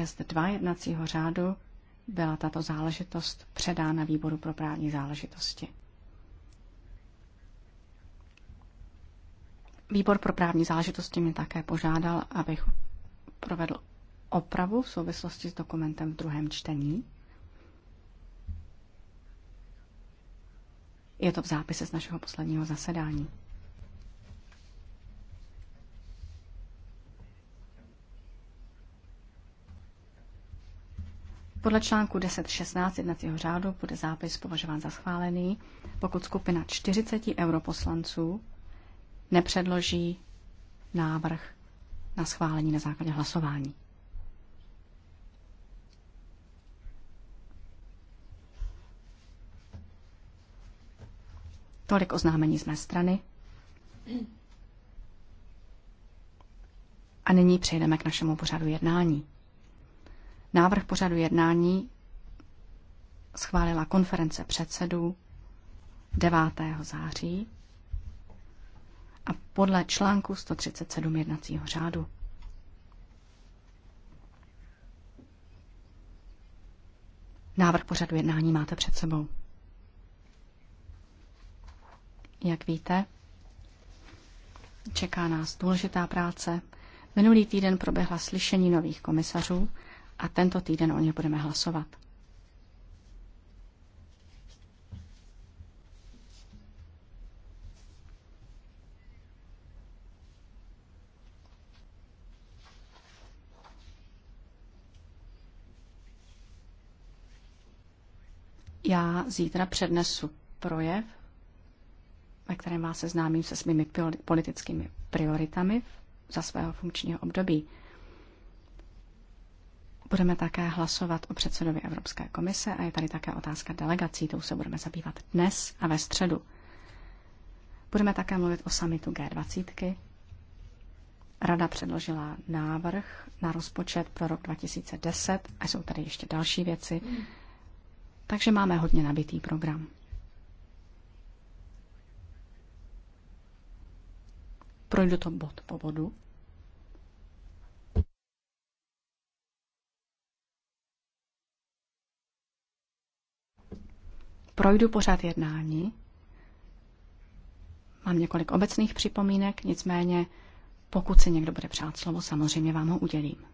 6.2 jednacího řádu byla tato záležitost předána výboru pro právní záležitosti. Výbor pro právní záležitosti mě také požádal, abych provedl opravu v souvislosti s dokumentem v druhém čtení. Je to v zápise z našeho posledního zasedání. Podle článku 10.16 jednacího řádu bude zápis považován za schválený, pokud skupina 40 europoslanců nepředloží návrh na schválení na základě hlasování. Tolik oznámení z mé strany. A nyní přejdeme k našemu pořadu jednání. Návrh pořadu jednání schválila konference předsedů 9. září a podle článku 137 jednacího řádu. Návrh pořadu jednání máte před sebou. Jak víte, čeká nás důležitá práce. Minulý týden proběhla slyšení nových komisařů a tento týden o nich budeme hlasovat. Já zítra přednesu projev, ve kterém vás seznámím se svými politickými prioritami za svého funkčního období. Budeme také hlasovat o předsedovi Evropské komise a je tady také otázka delegací, tou se budeme zabývat dnes a ve středu. Budeme také mluvit o samitu G20. Rada předložila návrh na rozpočet pro rok 2010 a jsou tady ještě další věci. Takže máme hodně nabitý program. Projdu to bod po bodu. projdu pořád jednání. Mám několik obecných připomínek, nicméně pokud si někdo bude přát slovo, samozřejmě vám ho udělím.